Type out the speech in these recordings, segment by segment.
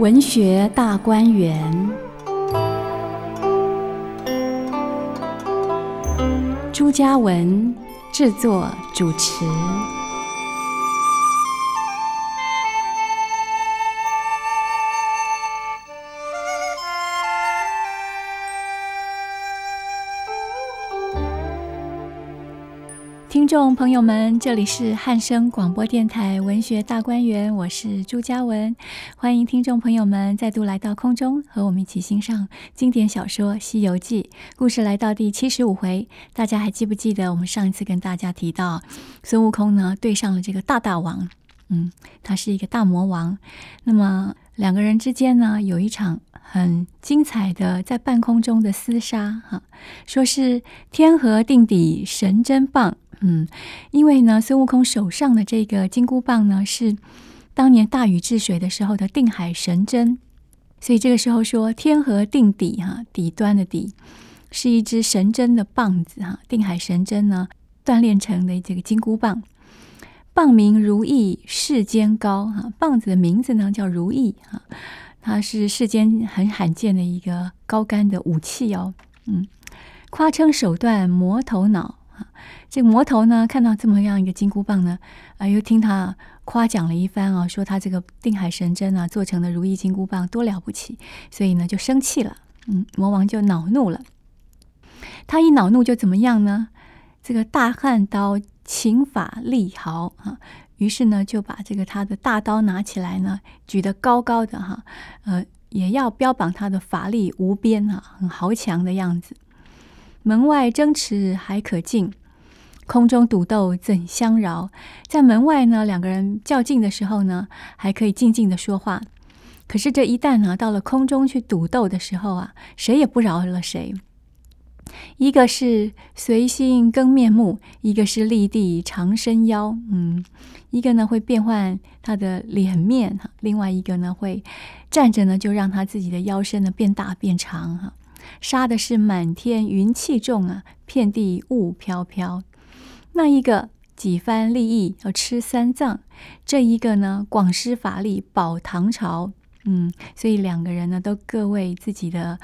文學大觀園，朱家文製作主持。聽眾朋友們，這裡是漢聲廣播電台文學大觀園，我是朱嘉雯。歡迎聽眾朋友們再度來到空中，和我們一起欣賞經典小說《西遊記》。故事來到第七十五回，大家還記不記得我們上一次跟大家提到，孫悟空呢對上了這個大大王，嗯，他是一個大魔王，那麼。兩個人之間呢，有一場很精彩的在半空中的廝殺哈，說是天河定底神針棒，嗯，因為呢，孫悟空手上的這個金箍棒呢，是當年大禹治水的時候的定海神針，所以這個時候說天河定底哈，底端的底，是一支神針的棒子哈，定海神針呢鍛煉成的這個金箍棒。棒名如意世間高哈，棒子的名字呢叫如意哈，它是世間很罕見的一個高杆的武器哦。嗯，誇稱手段魔頭惱啊，這個魔頭呢看到這麼樣一個金箍棒呢，啊、哎、又聽他誇獎了一番啊，說他這個定海神針啊做成了如意金箍棒，多了不起，所以呢就生氣了。嗯，魔王就惱怒了，他一惱怒就怎麼樣呢？這個大漢刀。情法力豪啊，於是呢就把這個他的大刀拿起來呢，舉得高高的哈，呃，也要標榜他的法力無邊啊，很豪強的樣子。門外爭持還可靜，空中賭鬥怎相饒？在門外呢，兩個人較勁的時候呢，還可以靜靜的說話；可是這一旦呢，到了空中去賭鬥的時候啊，誰也不饒了誰。一個是隨心更面目，一個是立地長身腰。嗯，一個呢會變換他的臉面哈，另外一個呢會站着呢就讓他自己的腰身呢變大變長哈、啊。殺的是滿天雲氣重啊，遍地霧飄飄。那一個幾番利益要吃三藏，這一個呢廣施法力保唐朝。嗯，所以兩個人呢都各為自己的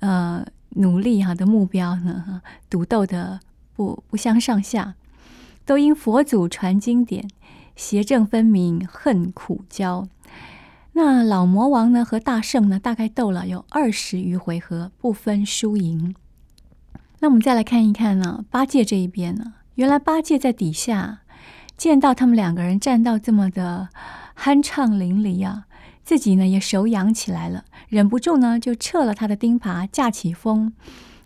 呃。努力哈的目標呢，獨鬥的不不相上下，都因佛祖傳經典，邪正分明恨苦交。那老魔王呢和大聖呢，大概鬥了有二十餘回合，不分輸贏。那我們再來看一看呢，八戒這一邊呢，原來八戒在底下見到他們兩個人戰到這麼的酣暢淋漓啊。自己呢也手癢起來了，忍不住呢就撤了他的釘耙，架起風，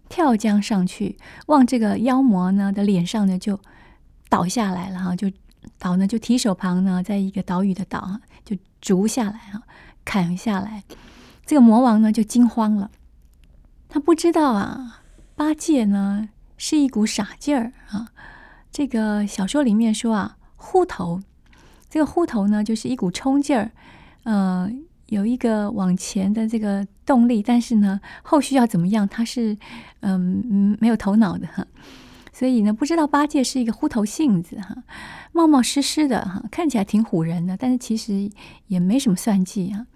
跳江上去，往這個妖魔呢的臉上呢就倒下來了哈、啊，就倒呢就提手旁呢，在一個島嶼的島就逐下來啊，砍下來，這個魔王呢就驚慌了，他不知道啊，八戒呢是一股傻勁兒啊，這個小說裡面說啊，呼頭，這個呼頭呢就是一股衝勁兒。呃，有一個往前的這個動力，但是呢，後續要怎麼樣，他是，嗯、呃，沒有頭腦的哈，所以呢，不知道八戒是一個忽頭性子哈，冒冒失失的哈，看起來挺唬人的，但是其實也沒什麼算計啊。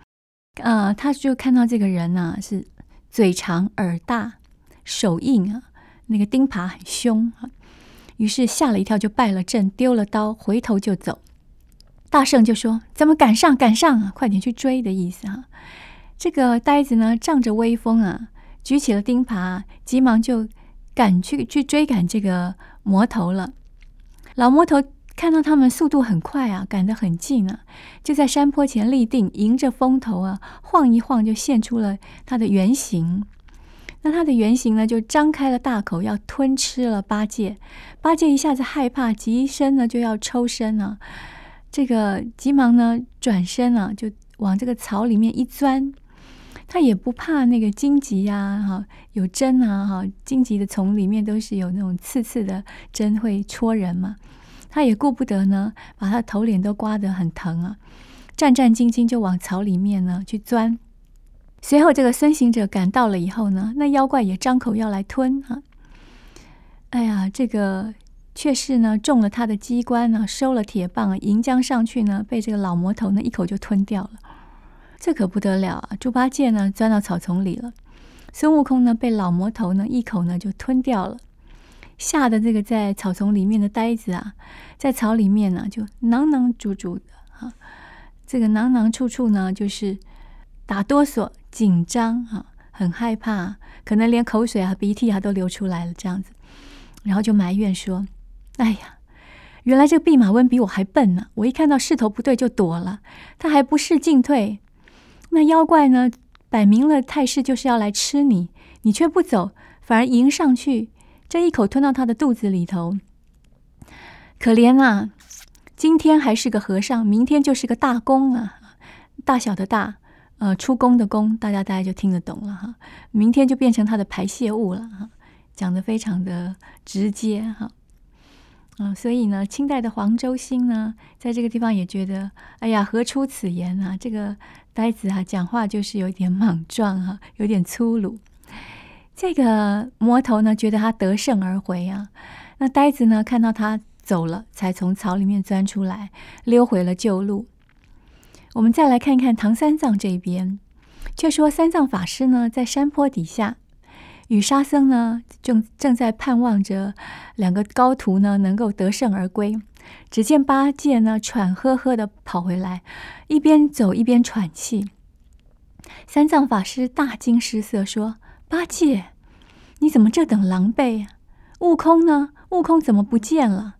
呃，他就看到這個人呢、啊、是嘴長耳大手硬啊，那個釘耙很凶啊，於是嚇了一跳，就敗了陣，丟了刀，回頭就走。大聖就說：“咱們趕上，趕上啊，快點去追的意思啊！”這個呆子呢，仗着威風啊，舉起了釘耙，急忙就趕去去追趕這個魔頭了。老魔頭看到他們速度很快啊，趕得很近啊，就在山坡前立定，迎着風頭啊，晃一晃就現出了他的原形。那他的原形呢，就張開了大口要吞吃了八戒。八戒一下子害怕，急身呢就要抽身啊。這個急忙呢，轉身啊，就往這個草裡面一鑽，他也不怕那個荊棘呀、啊，哈、哦，有針啊，哈、哦，荊棘的叢裡面都是有那種刺刺的針會戳人嘛，他也顧不得呢，把他頭臉都刮得很疼啊，戰戰兢兢就往草裡面呢去鑽。隨後這個孫行者趕到了以後呢，那妖怪也張口要來吞啊，哎呀，這個。卻是呢中了他的機關呢，收了鐵棒，迎將上去呢，被這個老魔頭呢一口就吞掉了。這可不得了啊！豬八戒呢鑽到草叢裡了，孫悟空呢被老魔頭呢一口呢就吞掉了，嚇得這個在草叢裡面的呆子啊，在草裡面呢就囊囊搐搐的啊，這個囊囊處處呢就是打哆嗦、緊張啊，很害怕，可能連口水啊、鼻涕啊都流出來了這樣子，然後就埋怨說。哎呀，原來這個弼馬溫比我還笨呢！我一看到勢頭不對就躲了，他還不識進退。那妖怪呢，擺明了態勢就是要來吃你，你卻不走，反而迎上去，這一口吞到他的肚子裡頭。可憐啊，今天還是個和尚，明天就是個大公啊，大小的“大”呃，出宮的“宮”，大家大家就聽得懂了哈。明天就變成他的排泄物了哈。講的非常的直接哈。嗯，所以呢，清代的黃周星呢，在這個地方也覺得，哎呀，何出此言啊？這個呆子啊，講話就是有一點莽撞哈、啊，有點粗魯。這個魔頭呢，覺得他得勝而回啊，那呆子呢，看到他走了，才從草裡面鑽出來，溜回了舊路。我們再來看一看唐三藏這邊，卻說三藏法師呢，在山坡底下。與沙僧呢，正正在盼望着兩個高徒呢，能夠得勝而歸。只見八戒呢，喘呵呵的跑回來，一邊走一邊喘氣。三藏法師大驚失色，說：“八戒，你怎麼這等狼狽啊？悟空呢？悟空怎麼不見了？”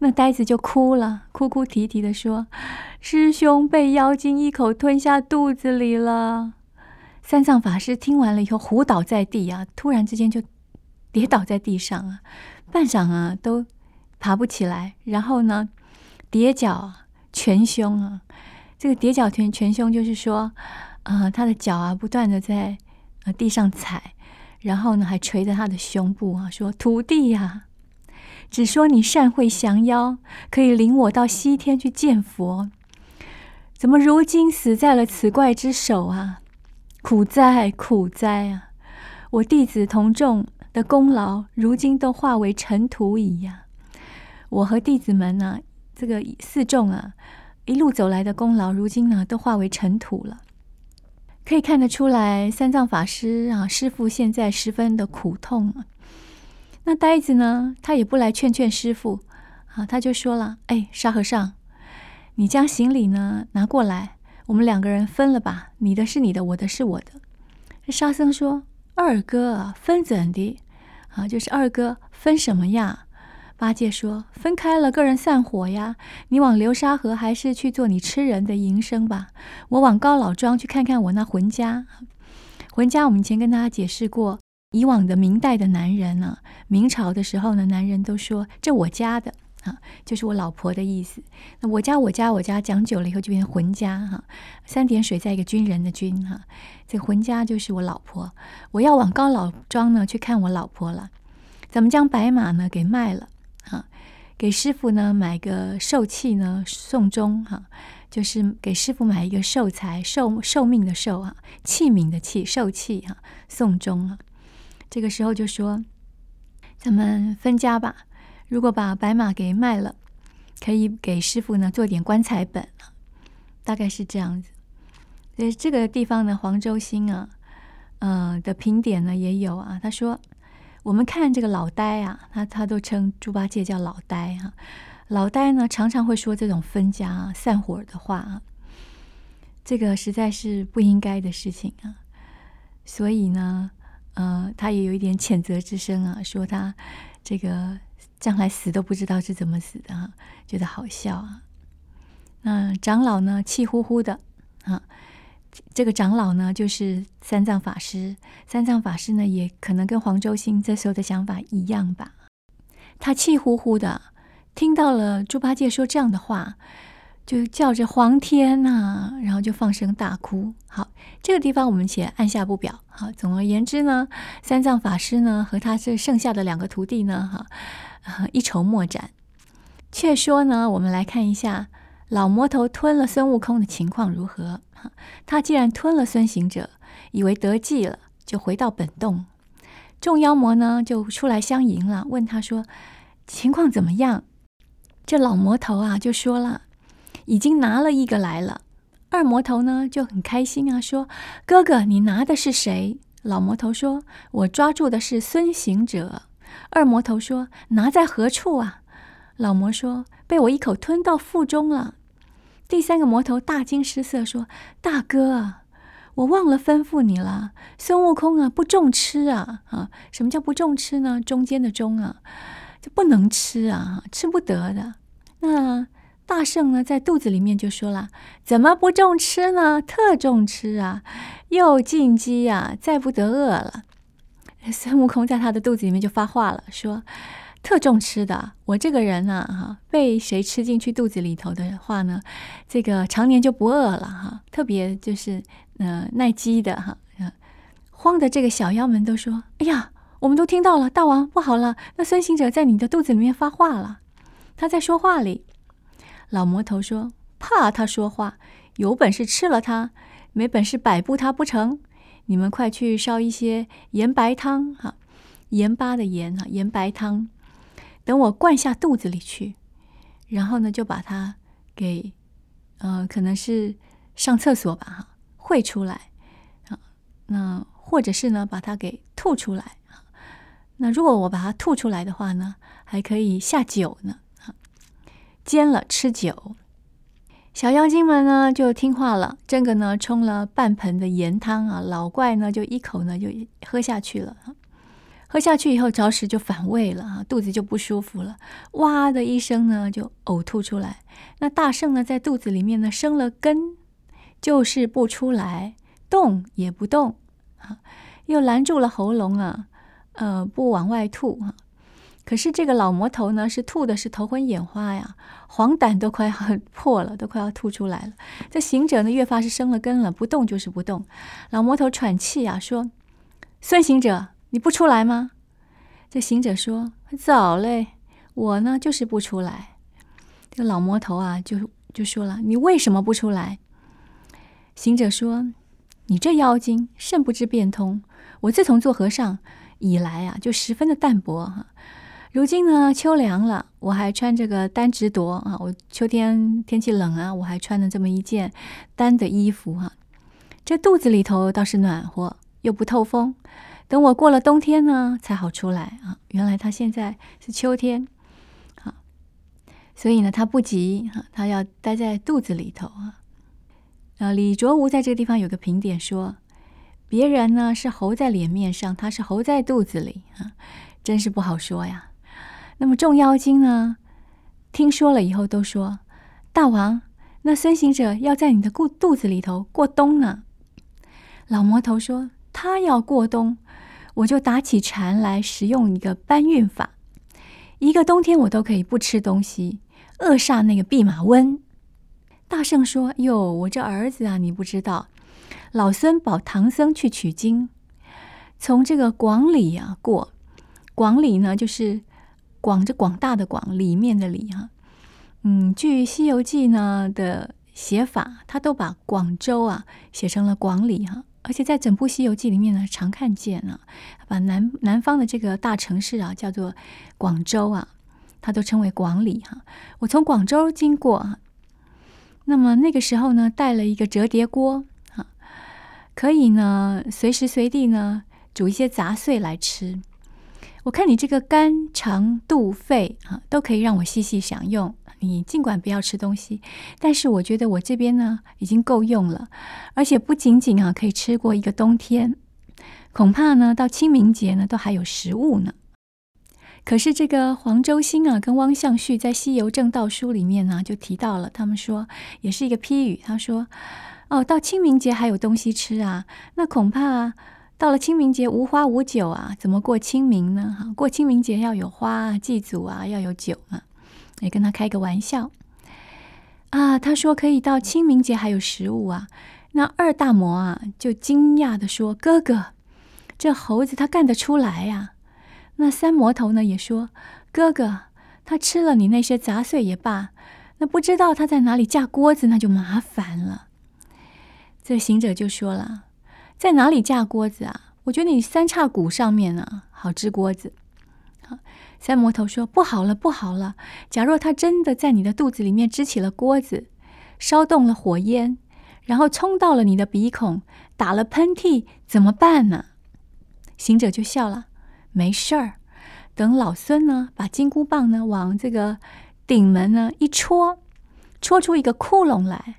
那呆子就哭了，哭哭啼啼的說：“師兄被妖精一口吞下肚子裡了。”三藏法師聽完了以後，唬倒在地啊！突然之間就跌倒在地上啊，半晌啊都爬不起來。然後呢，跌腳拳胸啊，這個跌腳拳胸就是說啊、呃，他的腳啊不斷的在啊、呃、地上踩，然後呢還捶着他的胸部啊，說徒弟呀、啊，只說你善會降妖，可以領我到西天去見佛，怎麼如今死在了此怪之手啊？苦哉苦哉啊！我弟子同眾的功勞，如今都化為塵土矣呀、啊！我和弟子們呢、啊，這個四眾啊，一路走來的功勞，如今呢、啊，都化為塵土了。可以看得出來，三藏法師啊，師傅現在十分的苦痛啊。那呆子呢，他也不來勸勸師傅啊，他就說了：“哎，沙和尚，你將行李呢，拿過來。”我們兩個人分了吧，你的是你的，我的是我的。沙僧說：“二哥分怎的？啊，就是二哥分什麼呀？”八戒說：“分開了，個人散夥呀。你往流沙河還是去做你吃人的營生吧。我往高老莊去看看我那渾家。渾家，我們以前跟大家解釋過，以往的明代的男人呢、啊，明朝的時候呢，男人都說這我家的。”啊，就是我老婆的意思。那我家、我家、我家講久了以後就變成“渾家”哈、啊。三點水在一個軍人的“軍”哈、啊，這個“渾家”就是我老婆。我要往高老莊呢去看我老婆了。咱們將白馬呢給賣了啊，給師傅呢買個壽器呢送終哈、啊，就是給師傅買一個壽材、壽壽命的壽啊，器皿的器、壽器哈、啊、送終了、啊。這個時候就說：“咱們分家吧。”如果把白馬給賣了，可以給師傅呢做點棺材本了，大概是這樣子。呃，這個地方呢，黃周星啊，呃的評點呢也有啊。他說，我們看這個老呆啊，他他都稱豬八戒叫老呆哈、啊。老呆呢，常常會說這種分家、啊、散夥的話，啊。這個實在是不應該的事情啊。所以呢，呃，他也有一點譴責之聲啊，說他這個。將來死都不知道是怎麼死的哈、啊，覺得好笑啊。那長老呢，氣呼呼的啊。這個長老呢，就是三藏法師。三藏法師呢，也可能跟黃周星這時候的想法一樣吧。他氣呼呼的，聽到了豬八戒說這樣的話。就叫着皇天吶、啊，然後就放聲大哭。好，這個地方我們且按下不表。好，總而言之呢，三藏法師呢和他這剩下的兩個徒弟呢，哈，一籌莫展。卻說呢，我們來看一下老魔頭吞了孫悟空的情況如何。他既然吞了孫行者，以為得計了，就回到本洞。眾妖魔呢就出來相迎了，問他說情況怎麼樣。這老魔頭啊就說了。已經拿了一個來了，二魔頭呢就很開心啊，說：“哥哥，你拿的是誰？”老魔頭說：“我抓住的是孫行者。”二魔頭說：“拿在何處啊？”老魔說：“被我一口吞到腹中了。”第三個魔頭大驚失色，說：“大哥，我忘了吩咐你了，孫悟空啊，不中吃啊啊！什麼叫不中吃呢？中間的中啊，就不能吃啊，吃不得的。”那。大聖呢，在肚子裡面就說了：“怎麼不重吃呢？特重吃啊，又進饑啊，再不得餓了。”孫悟空在他的肚子裡面就發話了，說：“特重吃的，我這個人呢，哈，被誰吃進去肚子裡頭的話呢，這個常年就不餓了，哈，特別就是嗯、呃、耐饑的，哈，嗯，慌的這個小妖們都說：‘哎呀，我們都聽到了，大王不好了！’那孫行者在你的肚子裡面發話了，他在說話哩。老魔頭說：“怕他說話，有本事吃了他，沒本事擺布他不成？你們快去燒一些鹽白湯哈、啊，鹽巴的鹽哈、啊，鹽白湯，等我灌下肚子裡去，然後呢，就把它給，呃，可能是上廁所吧哈，會出來啊，那或者是呢，把它給吐出來啊，那如果我把它吐出來的話呢，還可以下酒呢。”煎了吃酒。小妖精們呢就聽話了，這個呢沖了半盆的鹽湯啊，老怪呢就一口呢就喝下去了。喝下去以後着實就反胃了啊，肚子就不舒服了，哇的一聲呢就嘔吐出來。那大聖呢在肚子裡面呢生了根，就是不出來，動也不動啊，又攔住了喉嚨啊，呃不往外吐。可是這個老魔頭呢，是吐的是頭昏眼花呀，黃疸都快要破了，都快要吐出來了。這行者呢，越發是生了根了，不動就是不動。老魔頭喘氣呀、啊，說：“孫行者，你不出來嗎？”這行者說：“早嘞，我呢就是不出來。”這老魔頭啊，就就說了：“你為什麼不出來？”行者說：“你這妖精，甚不知變通。我自從做和尚以來啊，就十分的淡薄哈。”如今呢，秋涼了，我還穿這個單直裰啊！我秋天天氣冷啊，我還穿了這麼一件單的衣服哈、啊。這肚子裡頭倒是暖和，又不透風。等我過了冬天呢，才好出來啊。原來他現在是秋天，啊，所以呢，他不急哈，他、啊、要待在肚子裡頭啊。啊，李卓吾在這個地方有個評點說，別人呢是猴在臉面上，他是猴在肚子裡啊，真是不好說呀。那麼眾妖精呢？聽說了以後都說：“大王，那孫行者要在你的故肚子裡頭過冬呢。”老魔頭說：“他要過冬，我就打起禪來，使用一個搬運法，一個冬天我都可以不吃東西，餓煞那個弼馬溫。”大聖說：“喲，我這兒子啊，你不知道，老孫保唐僧去取經，從這個廣裡啊過，廣裡呢就是。”廣着廣大的廣，裡面的裡哈、啊，嗯，據《西遊記》呢的寫法，他都把廣州啊寫成了廣裡哈、啊，而且在整部《西遊記》裡面呢，常看見啊，把南南方的這個大城市啊叫做廣州啊，他都稱為廣裡哈、啊。我從廣州經過啊，那麼那個時候呢，帶了一個折疊鍋啊，可以呢隨時隨地呢煮一些雜碎來吃。我看你這個肝、腸、肚、肺啊，都可以讓我細細享用。你儘管不要吃東西，但是我覺得我這邊呢已經夠用了，而且不僅僅啊可以吃過一個冬天，恐怕呢到清明節呢都還有食物呢。可是這個黃周星啊跟汪象旭在《西遊證道書》裡面呢、啊、就提到了，他們說也是一個批語，他說哦，到清明節還有東西吃啊，那恐怕。到了清明節，無花無酒啊，怎麼過清明呢？哈，過清明節要有花啊，祭祖啊，要有酒嘛、啊。也跟他開個玩笑，啊，他說可以到清明節還有食物啊。那二大魔啊，就驚訝地說：“哥哥，這猴子他幹得出來呀、啊？”那三魔頭呢也說：“哥哥，他吃了你那些雜碎也罷，那不知道他在哪裡架鍋子，那就麻煩了。”這行者就說了。在哪裡架鍋子啊？我覺得你三叉骨上面呢，好支鍋子。啊，三魔頭說，不好了，不好了！假若他真的在你的肚子裡面支起了鍋子，燒動了火焰，然後衝到了你的鼻孔，打了噴嚏，怎麼辦呢？行者就笑了，沒事兒。等老孫呢，把金箍棒呢往這個頂門呢一戳，戳出一個窟窿來。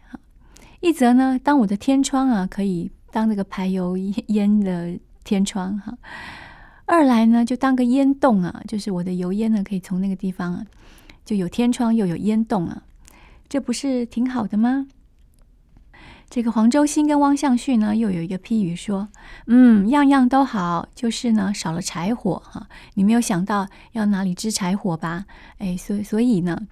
一則呢，當我的天窗啊，可以。當那個排油煙的天窗哈，二來呢就當個煙洞啊，就是我的油煙呢可以從那個地方啊，就有天窗又有煙洞啊，這不是挺好的嗎？這個黃周星跟汪象旭呢又有一個批語說，嗯，樣樣都好，就是呢少了柴火哈，你沒有想到要哪裡支柴火吧？哎，所以所以呢。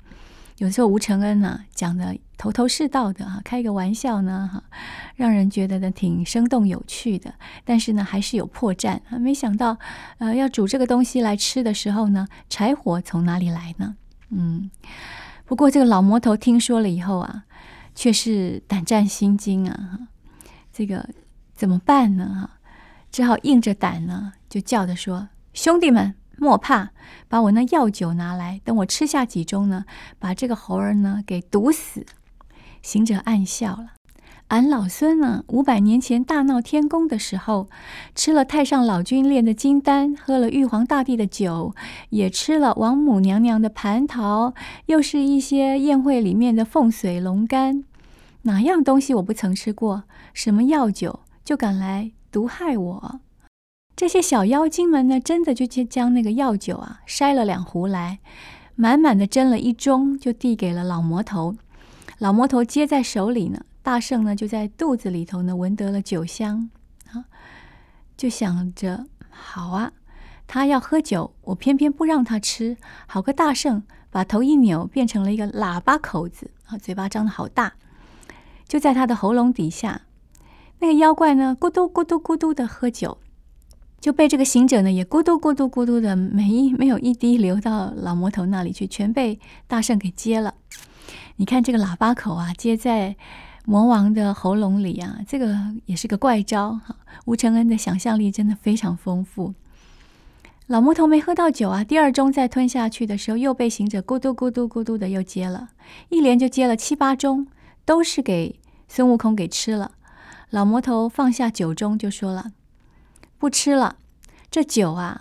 有時候吳承恩呢，啊，講的頭頭是道的哈，開個玩笑呢哈，讓人覺得呢挺生動有趣的。但是呢還是有破綻啊，沒想到呃要煮這個東西來吃的時候呢，柴火從哪裡來呢？嗯，不過這個老魔頭聽說了以後啊，卻是膽戰心驚啊，這個怎麼辦呢哈？只好硬着膽呢就叫着說兄弟們。莫怕，把我那藥酒拿來，等我吃下幾盅呢，把這個猴兒呢給毒死。行者暗笑了，俺老孫呢，五百年前大鬧天宮的時候，吃了太上老君煉的金丹，喝了玉皇大帝的酒，也吃了王母娘娘的蟠桃，又是一些宴會裡面的鳳髓龍肝，哪樣東西我不曾吃過？什麼藥酒就敢來毒害我？這些小妖精們呢，真的就去將那個藥酒啊，篩了兩壺來，滿滿的斟了一盅，就遞給了老魔頭。老魔頭接在手裡呢，大聖呢就在肚子裡頭呢聞得了酒香啊，就想着：好啊，他要喝酒，我偏偏不讓他吃。好個大聖，把頭一扭，變成了一個喇叭口子啊，嘴巴張得好大，就在他的喉嚨底下，那個妖怪呢咕嘟咕嘟咕嘟咕嘟的喝酒。就被這個行者呢，也咕嘟咕嘟咕嘟的沒，沒沒有一滴流到老魔頭那裡去，全被大聖給接了。你看這個喇叭口啊，接在魔王的喉嚨裡啊，這個也是個怪招哈。吳承恩的想象力真的非常豐富。老魔頭沒喝到酒啊，第二盅再吞下去的時候，又被行者咕嘟咕嘟咕嘟，咕嘟的又接了，一連就接了七八盅，都是給孫悟空給吃了。老魔頭放下酒盅就說了。不吃了，這酒啊。